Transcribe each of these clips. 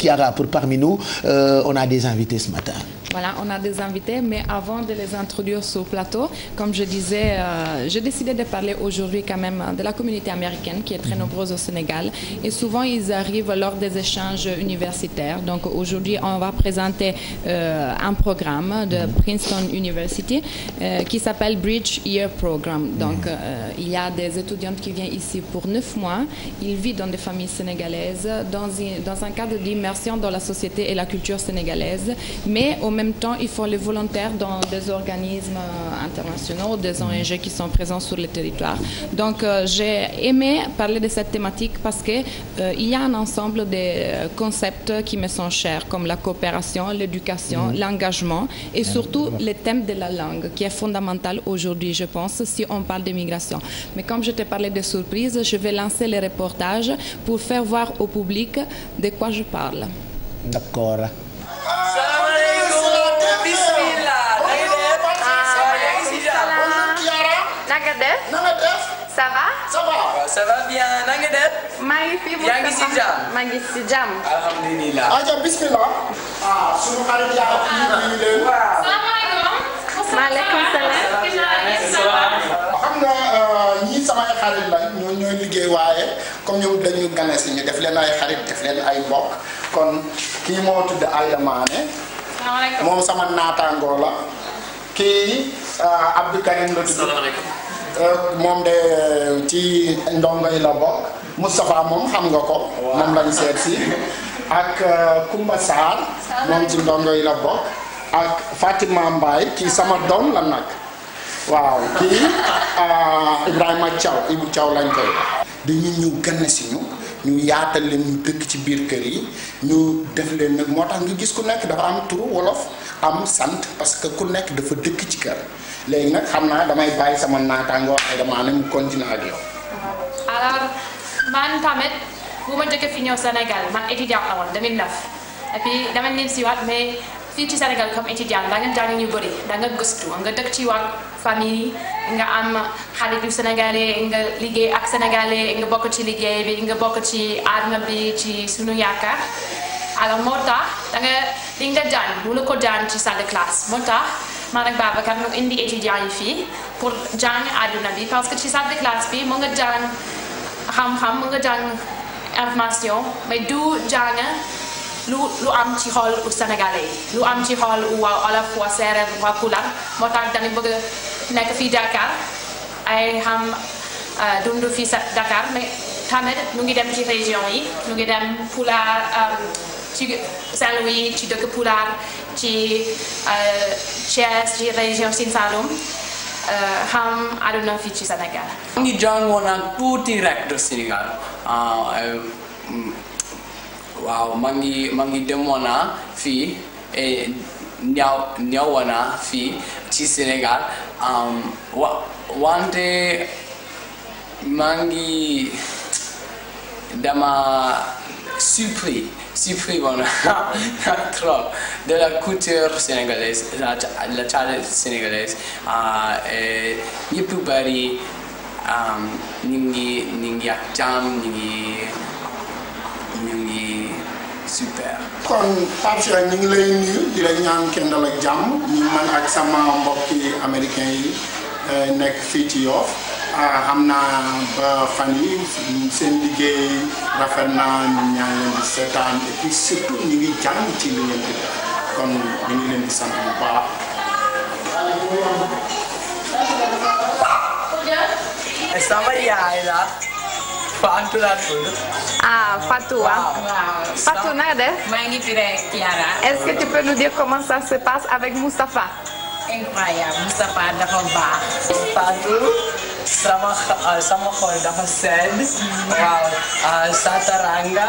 Chiara pour parmi nous. Euh, on a des invités ce matin. Voilà, on a des invités, mais avant de les introduire sur le plateau, comme je disais, euh, j'ai décidé de parler aujourd'hui quand même euh, de la communauté américaine qui est très mhm. nombreuse au Sénégal. Et souvent, ils arrivent des échanges universitaires. Donc aujourd'hui, on va présenter euh, un programme de mhm. Princeton University euh, qui s'appelle Bridge Year Donc mhm. euh, des étudiantes qui viennent pour neuf mois. Ils vivent dans des familles sénégalaises, dans, dans un cadre d'immersion dans la société et la culture sénégalaise, même temps, ils font les volontaires dans des organismes euh, internationaux, des mhm. ONG qui sont présents sur le territoire. Donc, euh, j'ai aimé parler de cette thématique parce que euh, il y a un ensemble de euh, concepts qui me sont chers, comme la coopération, l'éducation, mmh. l'engagement et surtout mmh. le thème de la langue, qui est fondamental aujourd'hui, je pense, si on parle de migration. Mais comme je te parlais de surprises, je vais lancer les reportages pour faire voir au public de quoi je parle. bismillah day oh, oh, def. Oh, ah, na nga def. na nga def. ça va. nga def. si jàmm. maa ngi si jàmm. bismillah. ah xarit yaa ngi leen. waaw. maaleykum salaam. xam nga euh, samay xarit lañ ñoo ñooy liggéey waaye comme ñoom dañu gane si def leen ay xarit def leen ay mbokk kon kii moo tudd Aida Mané moom sama naataangoo la kii euh, Abdou Karim la tudd euh, moom de ci ndongo yi la bokk Moustapha moom xam nga ko moom lañ seet si ak euh, Koumba Sarr moom ci ndongo yi la bokk ak Fatima kii sama doom la nag waaw kii Ibrahima Thiaw Ibou Thiaw lañ koy di ñu ñu gën si ñu ñu yaatal leen ñu dëkk ci biir kër yi ñu def leen nag moo tax nga gis ku nekk dafa am turu wolof am sant parce que ku nekk dafa dëkk ci kër léegi nag xam naa damay bàyyi sama naataango ay damaa ne mu continuer ak yow. Ah, alors man tamit bu ma jógee fi ñëw Sénégal man étudiant la woon 2009 et puis dama leen siiwaat mais. fii ci senegal comme étudiant daa nga jàng ñu bëri da nga gëstu nga dëkk ci waa famille nga am xarit yu sénégalais nga liggéey ak sénégalais nga bokk ci liggéey bi nga bokk ci arme bi ci sunu yaakaar alors moo tax da nga li nga jàng wala ko jàng ci salle de moo tax man ak Babacar ñu indi étudiants yi fii pour jàng àdduna bi parce que ci salle de classe bi mu nga jàng xam-xam mu nga jàng information mais du jàng lu lu am ci xool u sénégalais yi lu am ci xool u waa olof waa séeréer waa pulaar moo tax dañu bëgg nekk fii jàkkar ay xam euh, dund fii Dakar mais tamit ñu ngi dem ci région yi mu ngi dem pulaar euh, ci saint ci dëkk ci euh, Thiès ci région Sine xam àdduna fii ci Sénégal. mu ngi jàngoon ak tuuti rek de Sénégal. waaw ma ngi ma ngi demoon na fii eh, ñaw ñawoon na fii ci Sénégal wante maa ngi dama surpris surpris woon trop de la culture sénégalaise la table sénégalaise ah, eh, ñëpp bari ñu ngi ñu ngi ak jàmm ñu super. kon Pape ñu ngi lay nuyu di ñaan kenn dal jàmm ñu man ak sama mbokki américain yi euh, nekk fii ci Yoff ah, xam naa ba fan yi seen liggéey rafet naa ñu ñaan seetaan et surtout ñu ngi jàng ci li kon ñu ngi leen di sant bu baax. Estaba ya, ¿verdad? ah Fatou waaw Fatou naa def. maa ngi fi rek Kiara. est-ce que tu peux nous dire comment ça se passe avec Moustapha. incroyable Moustapha dafa baax. Fatou sama xol dafa sedd. waaw taranga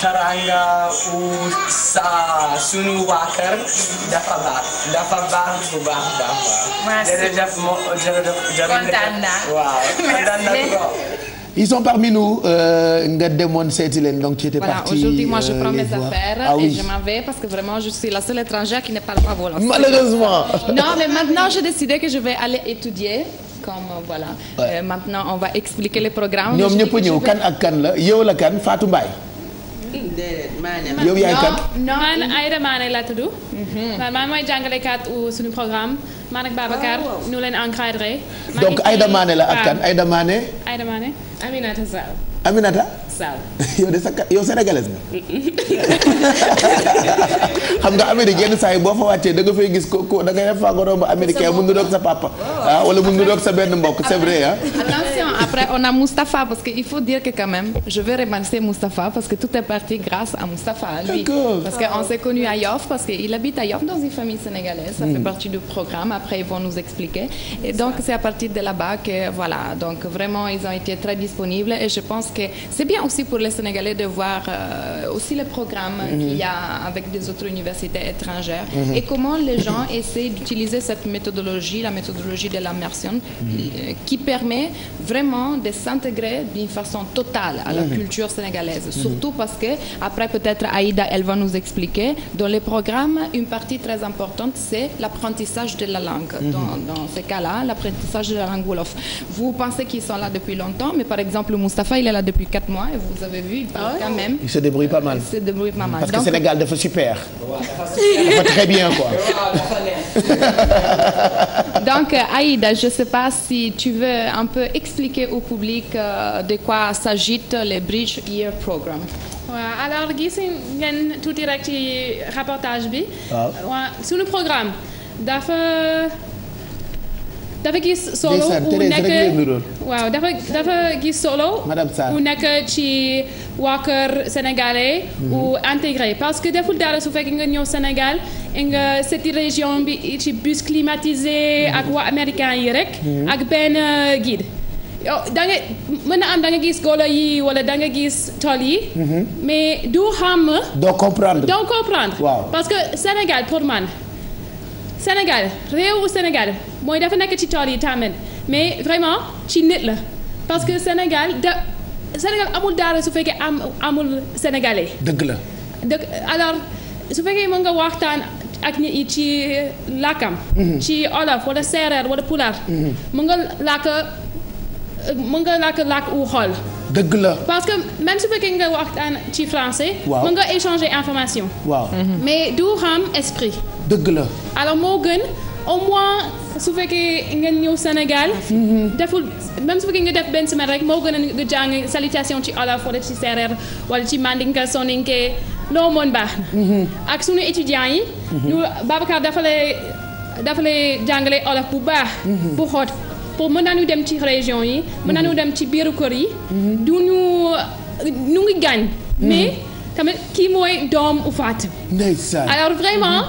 taranga u sa sunu waa kër dafa baax dafa baax bu baax baax. merci jërëjëf mo jërëjëf. kontaan naa waaw kontaan naa ils sont parmi nous euh, nga demoon seeti donc je euh, prends mes affaires ah et je m'en parce que je suis la seule étrangère qui ne parle pas wolof malheureusement non mais maintenant j'ai que je vais aller étudier comme euh, voilà. maintenant on va expliquer le programme. ñoom ñëpp ñëw kan ak kan la yow la kan Fatou Mbaye. déedéet maa yow yaay kan. non mhm. programme. man ak Babacar oh, ñu leen encadré. donc Aïda Mané la ak kan Aïda Mané. Aminata Sall. Aminata. Sall de sa yow sénégalaise nga. xam nga Amérique yenn saa yi boo fa wàccee da nga gis ko ko da américain mun sa papa. ah wala mun na sa benn mbokk c'est vrai ah. attention après on a Moustapha parce que il faut dire que quand même je vais remercier Moustapha parce que tout est parti grâce à Moustapha. lui parce que on s'est connu à Yoff parce que habite à Yoff dans une famille sénégalaise. ça hmm. partie du programme après ils vont nous expliquer. et donc c'est parce que c'est bien aussi pour les Sénégalais de voir euh, aussi le programme mhm. qu'il y a avec des autres universités étrangères mhm. et comment les gens essaient d'utiliser cette méthodologie, de l'immersion, mm -hmm. Euh, qui permet vraiment de s'intégrer d'une façon totale à la mhm. culture sénégalaise. Surtout parce que, après peut-être Aïda, elle va nous expliquer, dans les programmes, une partie très importante, c'est l'apprentissage de la langue. Dans, ce cas-là, l'apprentissage la langue là depuis 4 mois et vous avez vu. Ah ouais. quand même il se débrouille pas mal. Euh, il se débrouille pas mal parce Donc, que Sénégal très bien quoi. Euh, Aïda je sais pas si tu veux un peu expliquer au public euh, de quoi s'agit le Bridge Year Programme. alors gis ngeen tuuti rek ci reportage bi. waaw suñu programme dafa. dafa gis solo u nekk waaw dafa dafa gis solo u nekk ci waa kër sénégalais mhm. intégré parce que deful dara su fekkee nga ñëw Sénégal nga seeti région bi ci bus climatisé mhm. ak waa américain yi rek mhm. ak benn guide yow da am da gis golo yi wala da nga gis tool yi. mais du xam. doo comprendre parce que Sénégal pour man Sénégal réewu Sénégal. mooy dafa nekk ci tool yi tamit mais vraiment ci nit la parce que Sénégal da Sénégal amul daara su fekkee am amul sénégalais. dëgg la dëgg alors su fekkee mën nga waxtaan ak nit yi ci làkkam mhm. ci olof wala séeréer wala pulaar. Mhm. mën nga làkk mën nga làkk làkk wu xool. dëgg la parce que même su fekkee nga waxtaan ci français. waaw mën nga échanger information. mais du xam esprit. dëgg la alors moo gën. au moins su fekkee ngeen ñëw Sénégal. deful même su fekkee nga def benn semaine rek moo gën a nga jàng salutation ci olof wala ci séeréer wala ci mandinka soninke loo mën baax na. ak sunu étudiants yi. ñu Babacar dafa lay dafa lay jàngale olof bu baax. bu xóot pour mën nañu dem ci région yi. mën nañu dem ci biiru kër yi. du ñu ñu ngi gaañ. mais tamit kii mooy doom u faat. ndeysaan vraiment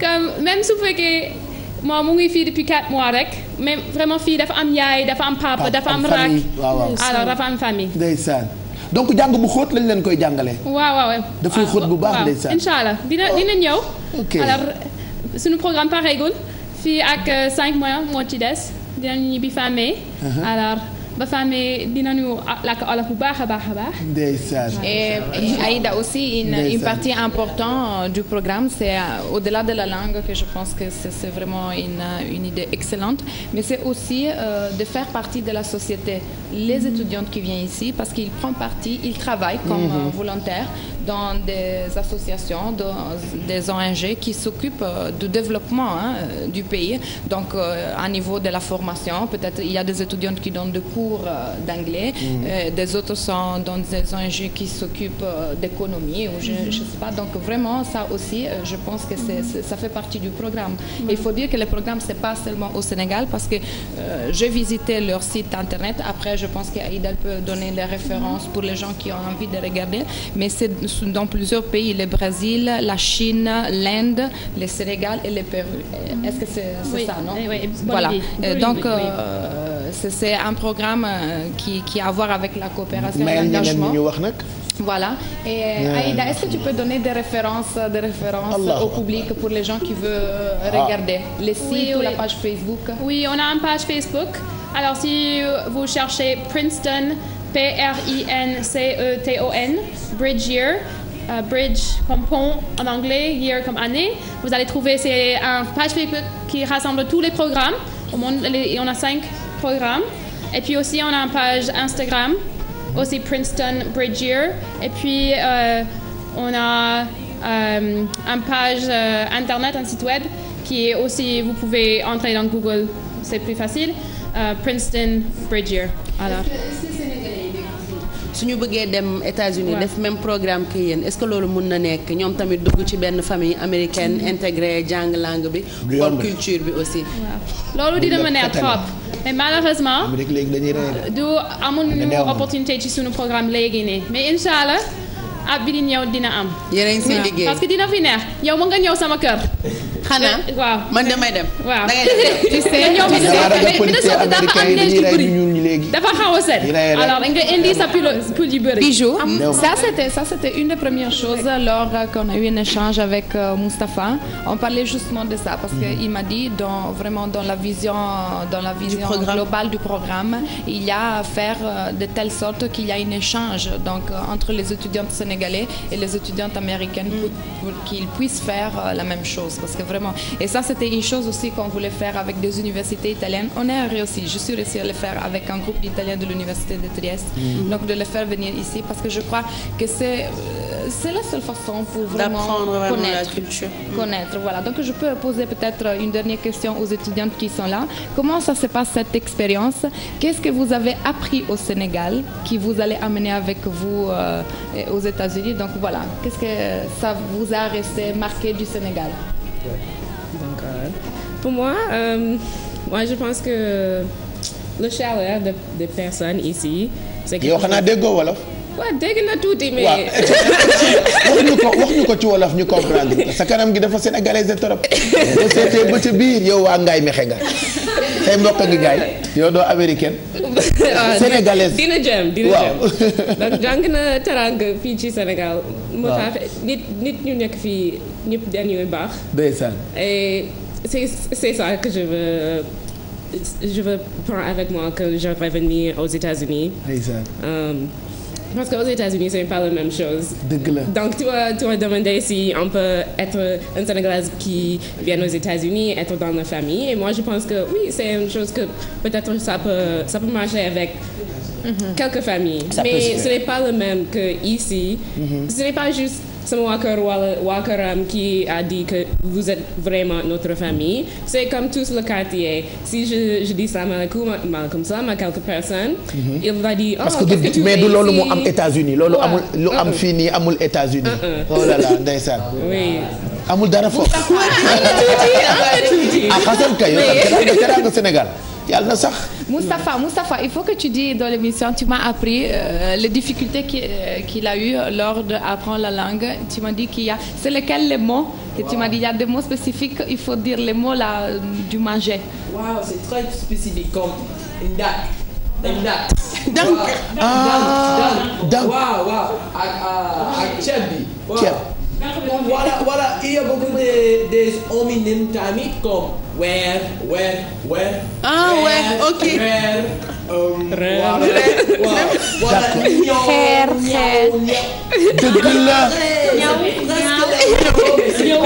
que même su fekkee. moom mu ngi fii depuis 4 mois rek mais vraiment fii dafa am yaay dafa am papa dafa am raak alors ah, dafa am famille ndeysaan donc jàng bu xóot lañ leen koy jàngalee waaw waaw dafay xóot bu baax ndeysaan incha allah dina oh. dina ñëw alors suñu programme pareegul fii ak 5 euh, mois moo ci des dinañ ñibbi famille uh-huh. alors Bafame dinañu làkk olof bu baax a baax a baax. ndeysaan. et Aïda aussi une une partie importante euh, du programme c'est euh, au-delà de la langue que je pense que c'est vraiment une euh, une idée excellente mais c'est aussi euh, de faire partie de la société les étudiantes qui viennent ici parce qu'ils prennent partie ils travaillent comme mm -hmm. volontaires dans des associations dans des ONG qui s'occupent du développement hein, du pays donc euh, à niveau de la formation peut-être il y a des étudiantes qui donnent des cours cours euh, d'anglais. Mmh. des autres sont dans des ONG qui s'occupent euh, d'économie ou je ne mhm. sais pas. Donc vraiment, ça aussi, je pense que c est, c est, ça fait partie du programme. Il faut dire que le programme, c'est pas seulement au Sénégal parce que je j'ai visité leur site internet. Après, je pense qu'Aïda peut donner les références pour les gens qui ont envie de regarder. Mais c'est dans plusieurs pays, le Brésil, la Chine, l'Inde, le Sénégal et le Pérou. Est-ce que c'est est oui. c'est un programme euh, qui qui a à voir avec la coopération et l'engagement ñu wax nag. voilà et euh, euh, pour les gens qui veulent ah. regarder ah. les ou la page Facebook oui on a une page Facebook si vous cherchez Princeton p r c e n en anglais year comme année vous allez trouver c'est un page Facebook qui rassemble tous les programmes au monde on a cinq programme. Et puis aussi, on a une page Instagram, aussi Princeton Bridger. Et puis, euh, on a euh, une page euh, internet, un site web, qui est aussi, vous pouvez entrer dans Google, c'est plus facile, euh, Princeton Bridger. Alors. suñu bëggee dem États-Unis def même programme que yéen est-ce que loolu mun na nekk ñoom tamit dugg ci benn famille américaine mm-hmm. intégrée jàng langue bi. wala culture bi aussi. loolu dina ma neex trop. mais malheureusement. léegi dañuy rey du amul opportunité ci suñu programme léegi ne mais incha allah ab bi di ñëw dina am. yéen a ngi parce que dina fi neex yow mën nga ñëw sama kër. xanaa waaw man damay dem. waaw da ngay dem tu sais ñoom Minnesota dafa am neige bu bëri dafa xaw a set alors nga indi sa pull pull yu bëri. bijou ah, ça c'était ça c'était une des premières choses lors qu'on a eu un échange avec euh, Moustapha on parlait justement de ça parce que mm-hmm. il m'a dit dans vraiment dans la vision dans la vision globale du programme il y a à faire euh, de telle sorte qu'il y a un échange donc euh, entre les étudiantes sénégalais et les étudiantes américaines mm. pour, pour qu'ils puissent faire la même chose parce que vraiment. Et ça, c'était une chose aussi qu'on voulait faire avec des universités italiennes. On a réussi, je suis réussi à le faire avec un groupe d'Italiens de l'université de Trieste. Mmh. Donc de le faire venir ici parce que je crois que c'est euh, c'est la seule façon pour vraiment, vraiment connaître la culture. Mm. Connaître, voilà. Donc je peux poser peut-être une dernière question aux étudiantes qui sont là. Comment ça se passe cette expérience Qu'est-ce que vous avez appris au Sénégal qui vous allez amener avec vous euh, aux États-Unis Donc voilà, qu'est-ce que ça vous a resté marqué du Sénégal Donc, euh, pour moi, euh, moi, je pense que le chaleur de, des personnes ici, yow xanaa déggoo wolof. waaw dégg na tuuti mais. waaw wax ñu ko wax ñu ko ci wolof ñu comprendre sa kanam gi dafa sénégalais trop. boo seetee ba ci biir yow waa ngaay mexe nga say mbokk ngi ngaay yow doo américaine. Ah, sénégalaise dina jëm dina jëm. donc jàng na teranga fii ci Sénégal. moo tax nit nit ñu nekk fii. ñëpp daan yooyu baax. ndeysaan. et c'est c'est ça que je veux je veux prendre avec moi que je vais venir aux États-Unis. ndeysaan. Um, parce qu'aux États-Unis c'est pas la même chose. dëgg la donc tu vas tu vas demander si on peut être une Sénégalaise qui vient aux États-Unis être dans la famille et moi je pense que oui c'est une chose que peut-être ça peut ça peut marcher avec mm-hmm. quelques familles. Ça mais ce n'est pas le même que ici. Mm-hmm. Ce n'est pas juste sama waa kër wala waa këram qui a dit que vous êtes vraiment notre famille c'est comme tous le quartier si je je dis salaamaaleykum maaleykum salaam à quelques personnes. Mhm. il va dire oh parce mais du loolu moo am États-Unis loolu amul lu am uh-uh. fii nii amul États-Unis uh-uh. oh là là ndeysaan oui. amul dara foofu. ah xasal kay yow yàlla na sax. Moustapha Moustapha il faut que tu dises dans l'émission tu m'as appris euh, les difficultés euh, qu'il a eu lors de la langue tu m'as dit qu'il y a c'est lequel les mots que wow. tu m'as dit il y a des mots spécifiques il faut dire les mots là du manger. waaw c'est très spécifique comme ndak ndak. donc ah donc waaw waaw ak ak ceeb bi. ceeb voilà voilà il y a beaucoup de des homonymes tamit comme. weer weer weer. ah weer ok weer weer. wala ñëw xeer xeer. dëgg la. ñëw ñëw.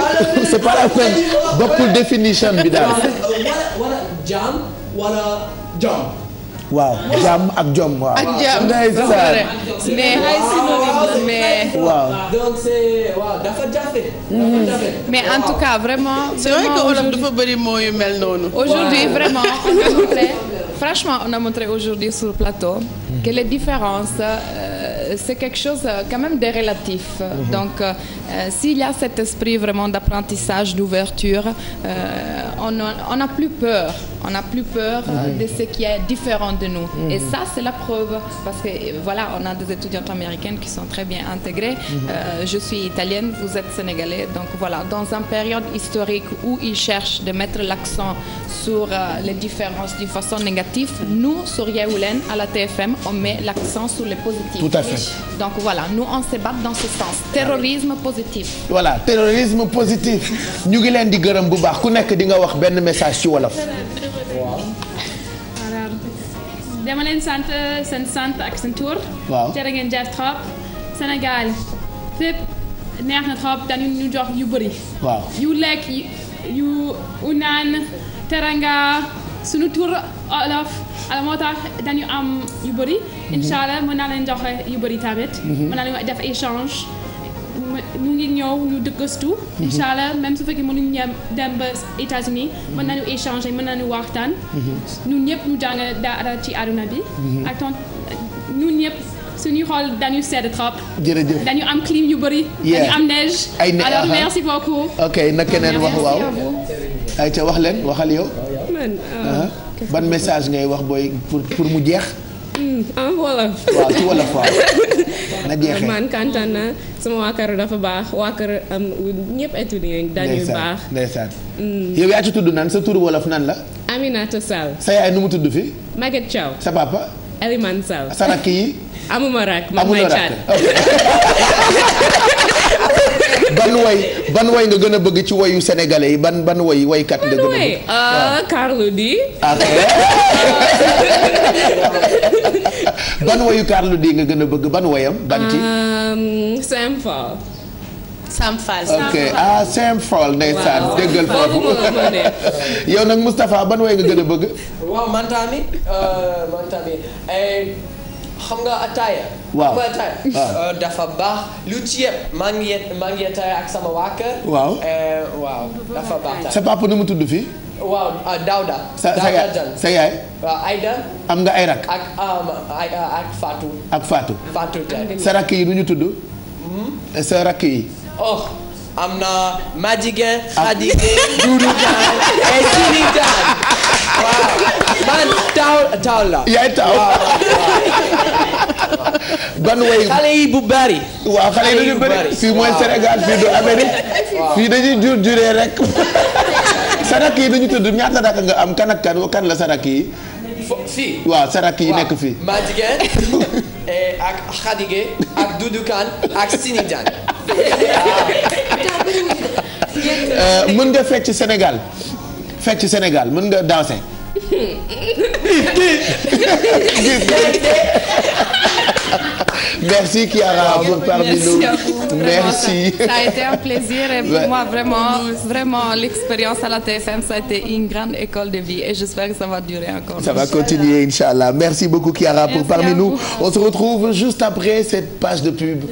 c'est pas la peine bokkul définition bi daal. wala wala jàmm wala jàmm. waaw jàmm ak jom waaw. ak jàmm mais ay synonyme la mais. waaw donc c'est waaw mhm. dafa jafe. mais en tout cas vraiment. c'est vrai que wolof dafa bëri moo yu mel noonu. aujourd'hui vraiment on a montré franchement on a montré aujourd'hui sur le plateau. que les différences euh, c'est quelque chose euh, quand même de relatif. Mhm. donc. Euh, Euh, S'il y a cet esprit vraiment d'apprentissage, d'ouverture, euh, on n'a plus peur. On n'a euh, de ce qui est différent de nous. Mm -hmm. Et mhm. ça, c'est la preuve. Parce que euh, voilà, on a des étudiantes américaines qui sont très bien intégrées. Mhm. Euh, je suis italienne, vous êtes sénégalais. Donc voilà, dans une période historique où ils cherchent de mettre l'accent sur les différences d'une façon négative, nous, sur Yaoulen, à la TFM, on met l'accent sur les positifs. Donc voilà, nous, on se bat dans ce sens. Ah Terrorisme, positif. voilà terrorisme positif ñu ngi leen di gërëm bu baax ku nekk di nga wax benn message ci wolof. dama leen sant seen sant ak seen tur. waaw jërë ngeen jëf trop Sénégal fépp neex na trop dañu ñu jox yu bëri. waaw yu lekk yu unaan teranga suñu tur olof ala moo tax dañu am yu bëri. Mhm. incha allah mën naa leen joxe yu bëri tamit. Mhm. mën naa leen def échange. ñu ngi ñëw ñu dëggastu mhm. incha allah même su fekkee mënuñu ñem dem ba États-Unis mhm. mën nañu échanger mën nañu waxtaan mhm. ñun ñëpp ñu jàng dara ci àdduna bi attend ñun ñëpp suñuy xool dañu sedd trop. dañu am clim yu bëri. dañu am neige. ay neige alors merci beaucoup. ok na keneen wax waaw. ay ca wax leen waxal yow. Euh, ban message ngay wax booy pour pour mu jeex. en hmm, wolof. waaw ci wolof waaw. na jeexee man kontaan naa sama waa kër dafa baax waa kër am ñëpp étudiants yi dañuy baax. ndeysaan hmm. yow yaa ci tudd nan sa tur wolof nan la. Aminata Sall. sa yaay nu mu tudd fi Maguette Thiaw sa papa. Elimane Sall. sa rakk yi. amuma rakk man may caat amuloo ban woy nga gën a bëgg ci wayu sénégalais yi ban ban way waykat nga gën a bëgg. Ah, ah, ban wayu Carlou D nga gën a bëgg ban wayam ban ci. Um, Sam Fall. Sam Fall ok ah Sam yow nag Moustapha ban way nga gën a bëgg. waaw man euh, eh, xam nga ataaya. waaw uh, ah. uh, dafa baax lu ci yëpp maa ak sama waa kër. waaw eh, sa papa nu mu tudd fii. waaw ah, Daouda. sa yaay. am nga ay rak. ak faatu uh, Fatou. ak Fatou. Fatou sa rakk yi nu ñu tudd. Hmm? Eh, sa rakk yi. Oh, am na Madjiguène. Khadiguène Doudou Diagne et eh, Sini Diagne waaw man taw yaay taw. ban way xale yi bu bari. waaw xale yi dañu bëri fii mooy Sénégal fii du Amérique fii dañuy jur juree rek sarak yi dañu tudd ñaata daka nga am kan ak kan kan la sarak yi. fii waaw sarak yi nekk fii. ma jigéen eh, ak Xadige ak Dudu Kan ak Sini Dian. Euh, mën nga fecc Sénégal fecc Sénégal mën nga danser. Merci Chiara pour parmi nous. Merci. Ça a été un plaisir et pour moi vraiment vraiment l'expérience à la TFM ça a été une grande école de vie et j'espère que ça va durer encore. Ça va continuer Inch'Allah. Merci beaucoup Chiara pour parmi nous. On se retrouve juste après cette page de pub.